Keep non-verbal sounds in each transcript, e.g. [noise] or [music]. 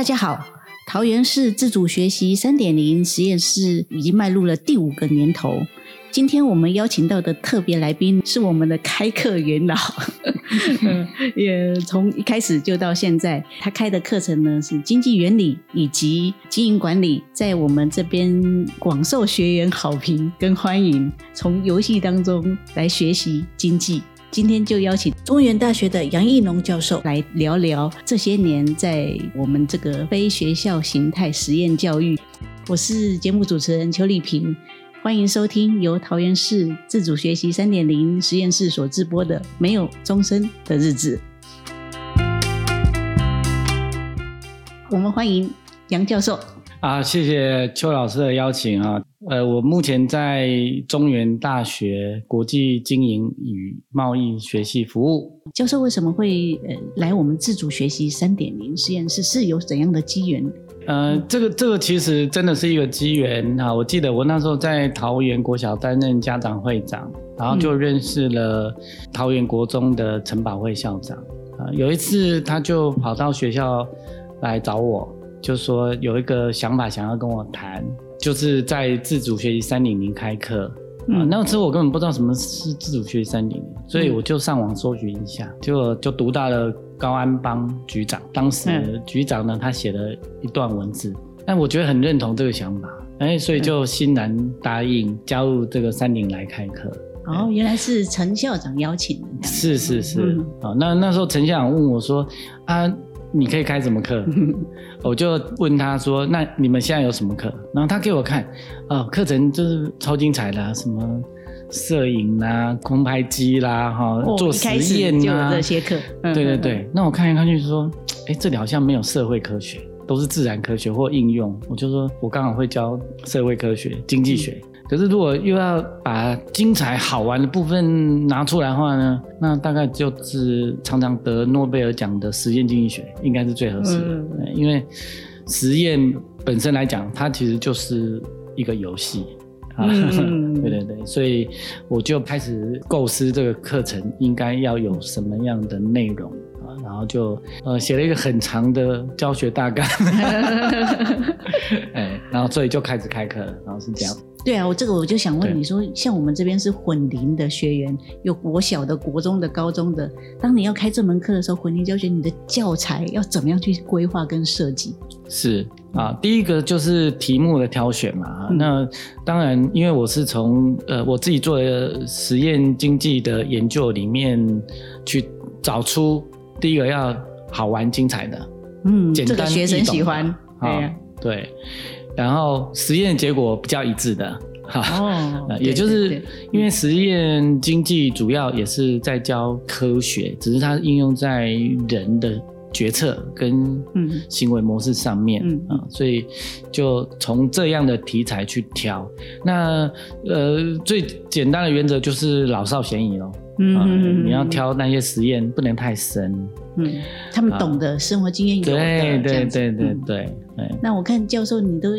大家好，桃園市自主學習三點零實驗室已經邁入了第五個年頭。今天我們邀請到的特別來賓是我們的開課元老， [laughs] [laughs] 也從一開始就到現在，他開的課程呢是經濟原理以及經營管理，在我們這邊廣受學員好評跟歡迎，從遊戲當中來學習經濟。今天就邀請中原大學的楊奕農教授來聊聊這些年在我們這個非學校形態實驗教育。我是節目主持人邱儷萍，歡迎收聽由桃園市自主學習三點零實驗室所製播的《沒有鐘聲的日子》。我們歡迎楊教授。啊，謝謝邱老師的邀請啊！呃，我目前在中原大學國際經營與貿易學系服務。教授為什麼會呃來我們自主學習三點零實驗室，是有怎樣的機緣？嗯、呃，這個這個其實真的是一個機緣啊！我記得我那時候在桃園國小擔任家長會長，然後就認識了桃園國中的陳寶慧校長、嗯、啊。有一次，他就跑到學校來找我。就說有一個想法想要跟我談，就是在自主學習三點零開課。嗯啊、那時候我根本不知道什麼是自主學習三點零，所以我就上網搜尋一下，結果、嗯、就，就讀到了高安邦局長。當時局長呢，他寫了一段文字，嗯、但我覺得很認同這個想法，哎，所以就欣然答應加入這個三點零來開課。嗯、對哦，原來是陳校長邀請的。是是是，嗯啊、那那時候陳校長問我說啊。你可以開什麼課？ [laughs] 我就問他說：“那你們現在有什麼課？”然後他給我看，哦，課程就是超精彩的、啊，什麼攝影啦、啊、空拍機啦、啊、哈、哦，做實驗吶、啊。就這些課。對對對，嗯嗯嗯那我看一看就說：“哎、欸，這裡好像沒有社會科學，都是自然科學或應用。”我就說：“我剛好會教社會科學、經濟學。嗯”可是，如果又要把精彩好玩的部分拿出來的話呢，那大概就是常常得諾貝爾獎的實驗經濟學，應該是最合適的。嗯、因為實驗本身來講，它其實就是一個遊戲啊，嗯、對對對。所以我就開始構思這個課程應該要有什麼樣的內容啊，然後就呃寫了一個很長的教學大綱，嗯、 [laughs] 哎，然後所以就開始開課了，然後是這樣。對啊，我這個我就想問你說，對像我們這邊是混齡的學員，有國小的、國中的、高中的，當你要開這門課的時候，混齡教學你的教材要怎麼樣去規劃跟設計？是啊，第一個就是題目的挑選嘛。嗯、那當然，因為我是從呃我自己做的實驗經濟的研究裡面去找出第一個要好玩精彩的，嗯，簡單這個學生喜歡，啊對,啊、對。然後實驗結果比較一致的，哈、哦，也就是因為實驗經濟主要也是在教科學，哦、對對對，只是它應用在人的決策跟嗯行為模式上面、嗯、啊，所以就從這樣的題材去挑。那呃最簡單的原則就是老少咸宜咯。嗯、啊，你要挑那些實驗不能太深。嗯，他們懂得生活經驗有的。對對對對對對。那我看教授，你都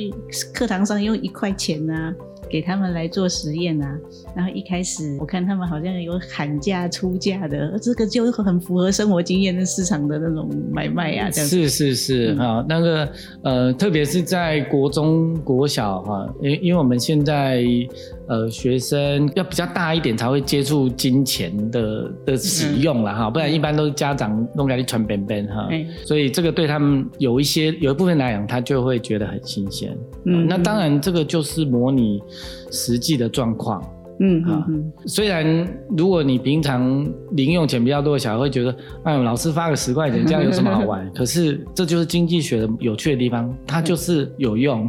課堂上用一塊錢啊，給他們來做實驗啊。然後一開始我看他們好像有喊價出價的，這個就很符合生活經驗的市場的那種買賣啊。這樣是是是啊、嗯，那個呃，特別是在國中、國小哈、啊，因因為我們現在。呃，學生要比較大一點才會接觸金錢的的使用啦哈，嗯、哼不然一般都是家長弄家裡傳本本哈。欸、所以這個對他們有一些有一部分來講，他就會覺得很新鮮。嗯哼，嗯哼，那當然這個就是模擬實際的狀況。嗯，好。嗯。雖然如果你平常零用錢比較多的小孩會覺得，哎，老師發個十塊錢，這樣有什麼好玩？可是這就是經濟學的有趣的地方，它就是有用。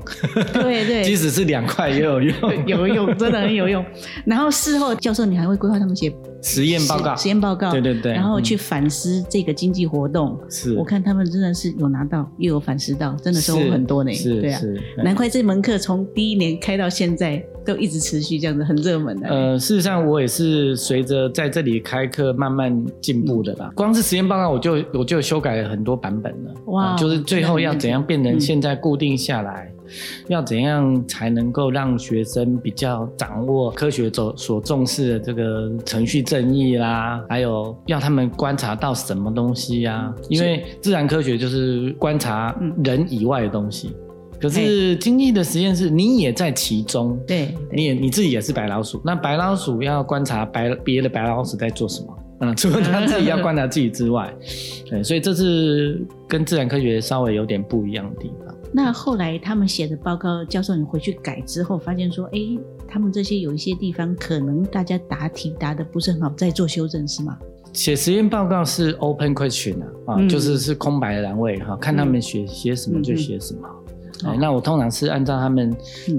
對對，即使是兩塊也有用，有用，真的很有用。然後事後教授你還會規劃他們寫實驗報告，實驗報告，對對對，然後去反思這個經濟活動。是，我看他們真的是有拿到，又有反思到，真的收穫很多呢。是，對啊，難怪這門課從第一年開到現在。都一直持續這樣子，很熱門的。呃，事實上我也是隨着在這裡開課慢慢進步的吧。嗯、光是實驗報告，我就我就修改了很多版本了。哇、呃！就是最後要怎樣變成現在固定下來，嗯嗯、要怎樣才能夠讓學生比較掌握科學走所，所重視的這個程序正義啦，還有要他們觀察到什麼東西呀、啊，是因為自然科學就是觀察人以外的東西。嗯可是經濟的實驗室，你也在其中，對嘿，你也你自己也是白老鼠。對那白老鼠要觀察白別的白老鼠在做什麼，嗯，除了他自己要觀察自己之外，啊、對，所以這是跟自然科學稍微有點不一樣的地方。那後來他們寫的報告，教授你回去改之後，發現說，誒、欸，他們這些有一些地方可能大家答題答得不是很好，再做修正是嗎？寫實驗報告是 open question 啊，啊、嗯、就是是空白的欄位哈、啊，看他們寫寫、嗯、什麼就寫什麼。哦、那我通常是按照他們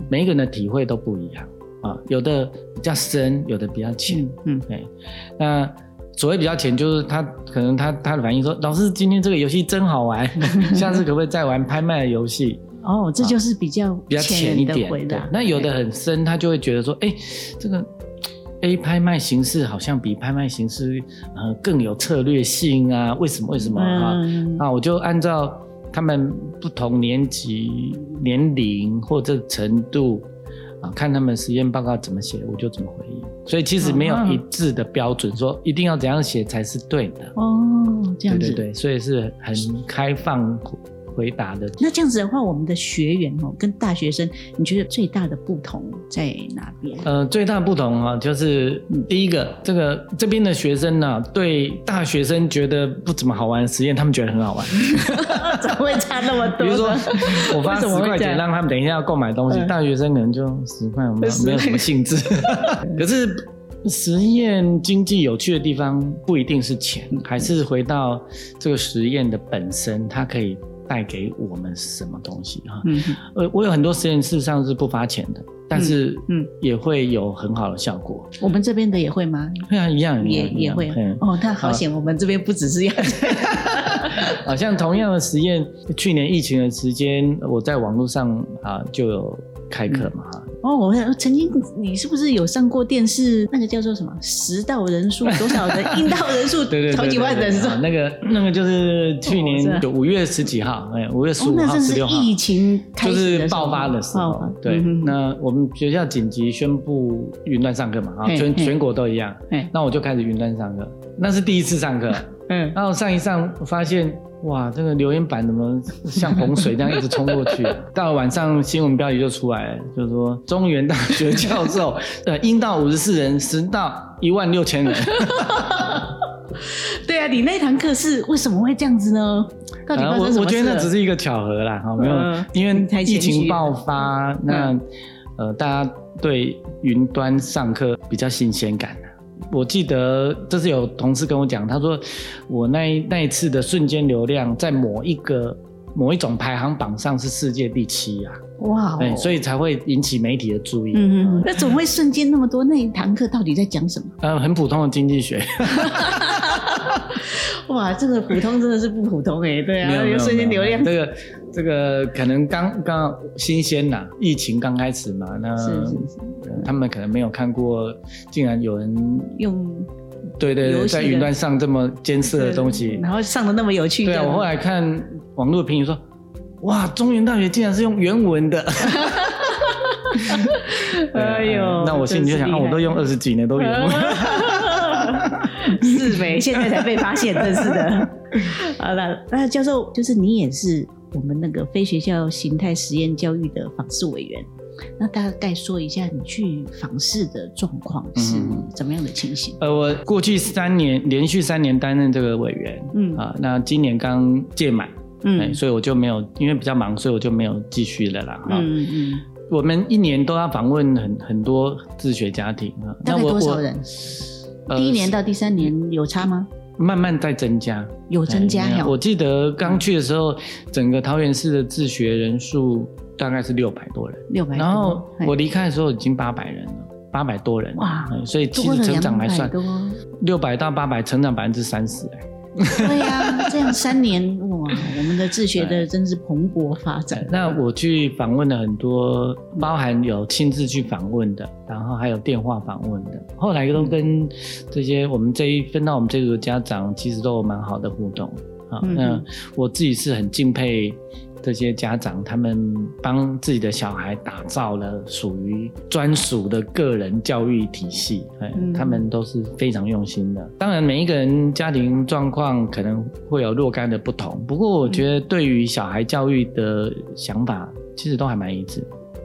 每一個人的體會都不一樣、嗯、啊，有的比較深，有的比較淺、嗯。嗯，對。那所謂比較淺，就是他可能他他的反應說：“老師，今天這個遊戲真好玩，嗯、下次可不可以再玩拍賣的遊戲？”嗯啊、哦，這就是比較比較淺一點的回答、對。那有的很深，對 他就會覺得說：“哎、欸，這個 A 拍賣形式好像比拍賣形式、呃、更有策略性啊？為什麼？為什麼、嗯、啊？”我就按照。他們不同年級、年齡或者程度，啊，看他們實驗報告怎麼寫，我就怎麼回應。所以其實沒有一致的標準，oh, um. 說一定要怎樣寫才是對的。哦，oh, 這樣子。對，對對，所以是很開放。回答的。那這樣子的話，我們的學員哦、喔，跟大學生，你覺得最大的不同在哪邊？呃，最大的不同啊，就是第一個，嗯、這個這邊的學生呢、啊，對大學生覺得不怎麼好玩，實驗他們覺得很好玩。 [laughs] 怎麼會差那麼多？比如說，我發十塊錢讓他們等一下要購買東西，嗯、大學生可能就十塊，我們、嗯、沒有什麼興致。嗯、可是實驗經濟有趣的地方不一定是錢，嗯、還是回到這個實驗的本身，它可以。帶給我們什麼東西啊嗯，呃，我有很多實驗事實上是不發錢的，但是嗯，也會有很好的效果。我們這邊的也會嗎？會啊、嗯，一樣，一樣也也會。嗯、哦，他好險，我們這邊不只是要這樣。好 [laughs] 像同樣的實驗，去年疫情的時間，我在網絡上啊就有。開課嘛？哦，我想曾經你是不是有上過電視？那個叫做什麼？實到人數多少人？應到人數對對對，好幾萬人那個那個就是去年就五月十幾號，哎，五月十五號、十六號是疫情就是爆發的時候，對，那我們學校緊急宣布雲端上課嘛，啊，全全國都一樣，哎，那我就開始雲端上課，那是第一次上課，嗯，然後上一上發現。哇，這個留言板怎麼像洪水這樣一直衝過去、啊？ [laughs] 到了晚上，新聞標題就出來，了，就說中原大學教授， [laughs] 呃，應到五十四人，實到一萬六千人。 [laughs] [laughs] 對啊，你那堂課是為什麼會這樣子呢？到底發生什麼、呃我？我覺得那只是一個巧合啦，好、嗯哦、沒有，因為疫情爆發，那呃，大家對雲端上課比較新鮮感。我記得就是有同事跟我講，他說我那那一次的瞬間流量，在某一個某一種排行榜上是世界第七呀、啊，哇 Wow.，所以才會引起媒體的注意。嗯嗯，那怎麼會瞬間那麼多？ [laughs] 那一堂課到底在講什麼？呃，很普通的經濟學。 [laughs] [laughs] 哇，這個普通真的是不普通哎、欸，對啊，有瞬間流量。這個，這個可能剛剛新鮮吶，疫情剛開始嘛，那是是是他們可能沒有看過，竟然有人用，對對對，在雲端上這麼監測的東西，然後上的那麼有趣。對、啊，我後來看網絡評論說，哇，中原大學竟然是用原文的， [laughs] [laughs] 哎呦，那我心裡就想，啊、我都用二十幾年都用。 [laughs] 是唄， [laughs] 現在才被發現，真 [laughs] 是的。好了，那教授，就是你也是我們那個非學校型態實驗教育的訪視委員，那大概說一下你去訪視的狀況是怎麼樣的情形的、嗯？呃，我過去三年連續三年擔任這個委員，嗯啊，那今年剛屆滿，嗯、欸，所以我就沒有，因為比較忙，所以我就沒有繼續了啦。啊、嗯嗯，我們一年都要訪問很很多自學家庭啊，那我大概多少人？呃、第一年到第三年有差嗎？慢慢在增加，有增加呀。哦、我記得剛去的時候，嗯、整個桃園市的自學人數大概是六百多人，六百。然後我離開的時候已經八百人了，八百多人。哇，所以其實成長來算600，六百到八百，成長百分之三十。哎 [laughs] 對呀、啊，這樣三年哇，我們的自學的真是蓬勃發展。那我去訪問了很多，包含有親自去訪問的，然後還有電話訪問的，後來都跟這些、嗯、我們這一分到我們這個家長，其實都有蠻好的互動。啊嗯、那我自己是很敬佩。這些家長他們幫自己的小孩打造了屬於專屬的個人教育體系，嗯、他們都是非常用心的。當然，每一個人家庭狀況可能會有若干的不同，不過我覺得對於小孩教育的想法，其實都還蠻一致。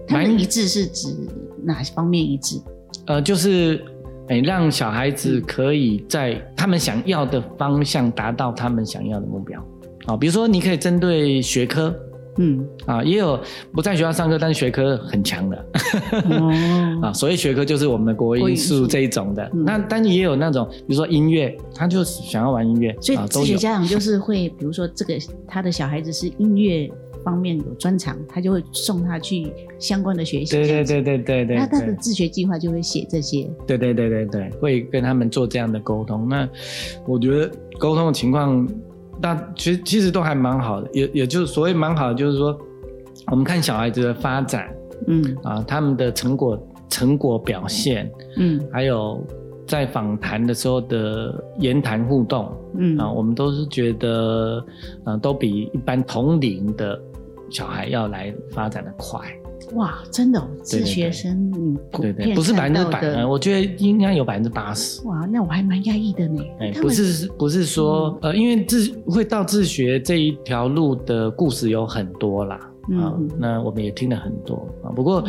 嗯、蠻他們一致是指哪方面一致？呃，就是哎、欸，讓小孩子可以在他們想要的方向達到他們想要的目標。好、哦，比如說你可以針對學科。嗯啊，也有不在學校上課，但是學科很強的。哦啊，所以學科就是我們的國英數這一種的。嗯、那但也有那種，比如說音樂，他就想要玩音樂。所以自學家長就是會，啊、比如說這個他的小孩子是音樂方面有專長，他就會送他去相關的學習。對對對對對對，對，對對對對對對。那他的自學計劃就會寫這些。對，對對對對對，會跟他們做這樣的溝通。那我覺得溝通的情況。嗯那其實其實都還蠻好的，也也就是所謂蠻好的，就是說，我們看小孩子的發展，嗯啊，他們的成果成果表現，嗯，還有在訪談的時候的言談互動，嗯啊，我們都是覺得，啊，都比一般同齡的小孩要來發展的快。哇，真的哦？自學生嗯，對對對，不是百分之百，嗯、我覺得應該有百分之八十。哇，那我還蠻訝異的呢！欸、們不是，不是說、嗯、呃，因為自會到自學這一條路的故事有很多啦。啊、嗯哼，那我們也聽了很多啊。不過，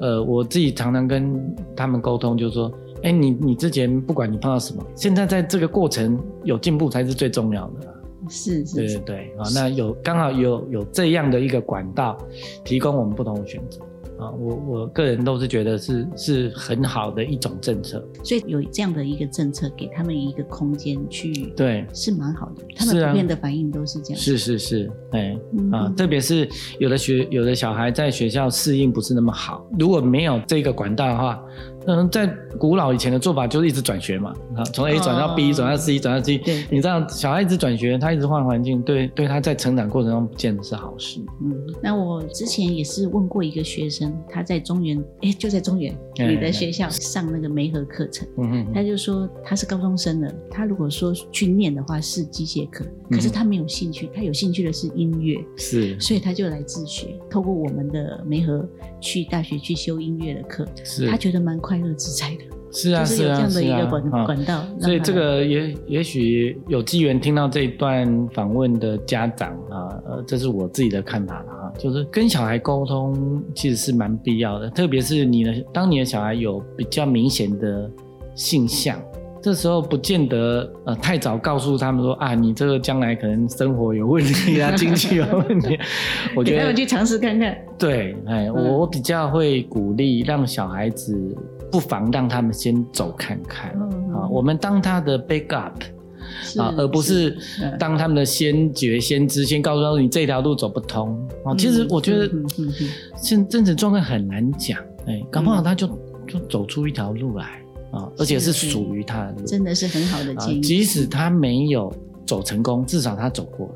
嗯、呃，我自己常常跟他們溝通，就是說，哎、欸，你你之前不管你碰到什麼，現在在這個過程有進步才是最重要的。是是是，是對對對，啊是、哦，那有剛好有有這樣的一個管道，提供我們不同的選擇，啊、哦，我我個人都是覺得是是很好的一種政策，所以有這樣的一個政策給他們一個空間去，對，是蠻好的，他們普遍的反應都是這樣的是、啊，是是是，哎，啊、哦，嗯嗯特別是有的學有的小孩在學校適應不是那麼好，如果沒有這個管道的話。嗯，在古老以前的做法就是一直轉學嘛，啊，從 A 轉到 B，轉、哦、到 C，轉到 C 你這樣小孩一直轉學，他一直換環境，對對，他在成長過程中不見得是好事。嗯，那我之前也是問過一個學生，他在中原，哎、欸，就在中原、欸、你的學校上那個媒合課程，嗯嗯、欸，欸、他就說他是高中生的，他如果說去念的話是機械課，嗯、可是他沒有興趣，他有興趣的是音樂，是，所以他就來自學，透過我們的媒合去大學去修音樂的課，是，他覺得蠻。快樂自在的，是啊，是啊，這樣的一個管管道。啊、他所以這個也也許有機緣聽到這一段訪問的家長啊，呃、這是我自己的看法了、啊、就是跟小孩溝通其實是蠻必要的，特別是你的當你的小孩有比較明顯的性向。嗯這時候不見得呃、太早告訴他們說啊，你這個將來可能生活有問題 [laughs] 啊，經濟有問題。 [laughs] 我覺得去嘗試看看。對，哎、嗯，我，我比較會鼓勵讓小孩子，不妨讓他們先走看看。嗯、啊、哦，我們當他的 backup 啊，而不是當他們的先覺先知，先告訴他們說你這條路走不通啊、哦。其實我覺得，嗯、現在真正狀況很難講，哎，搞不好他就、嗯、就走出一條路來。啊、而且是屬於他的對對的真的是很好的建議、啊。即使他沒有走成功，的至少他走過了。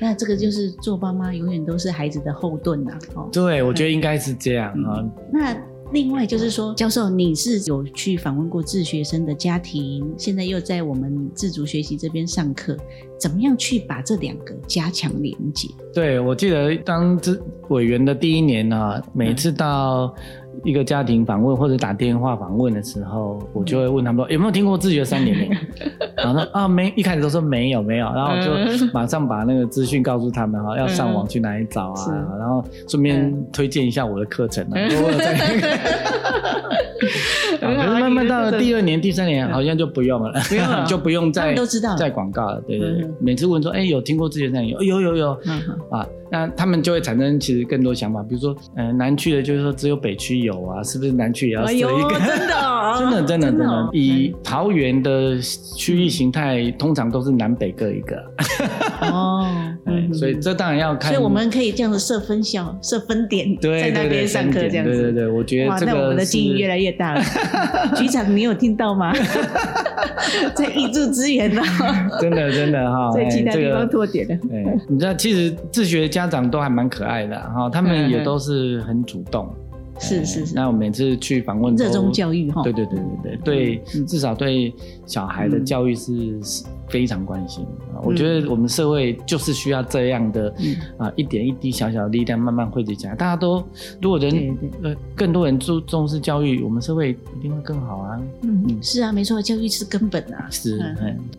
那這個就是做爸媽永遠都是孩子的後盾吶、啊。對，我覺得應該是這樣、嗯、啊、嗯。那另外就是說，教授你是有去訪問過自學生的家庭，現在又在我們自主學習這邊上課，怎麼樣去把這兩個加強連接？對，我記得當自委員的第一年啊，每次到、嗯。一個家庭訪問或者打電話訪問的時候，我就會問他們說、嗯欸、有沒有聽過“自學三點零”，然後說啊沒，一開始都說沒有沒有，然後就馬上把那個資訊告訴他們哈，要上網去哪裡找啊，嗯、然後順便推薦一下我的課程啊。嗯 [laughs] [laughs] 是慢慢到了第二年、第三年，好像就不用了，就不用再再廣告了。對對，每次問說，「哎，有聽過之前那樣？」有、有、有。那他們就會產生其實更多想法，比如說，南區的就是說只有北區有啊，是不是南區也要設一個？真的，真的，真的，真的，以桃園的區域形態，通常都是南北各一個。哦。嗯、所以這當然要看，所以我們可以這樣子設分校、設分點，對對對，在那邊上課這樣子。對對對，我覺得哇，這那我們的經營越來越大了。 [laughs] 局長，你有聽到嗎？ [laughs] 在挹注資源呢、喔，真的真的哈，在其他地方拓點的、欸這個欸。你知道，其實自學家長都還蠻可愛的哈、啊，他們也都是很主動。嗯嗯是是是，那我每次去訪問，熱衷教育哈，對對對對對對，至少對小孩的教育是非常關心。我覺得我們社會就是需要這樣的，一點一滴小小的力量，慢慢匯聚起來。大家都如果人呃更多人注重視教育，我們社會一定會更好啊。嗯嗯，是啊，沒錯，教育是根本啊。是。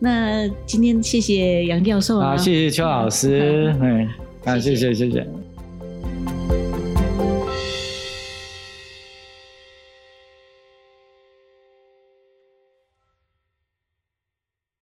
那今天謝謝楊教授啊，謝謝邱老師，哎，啊，謝謝謝謝。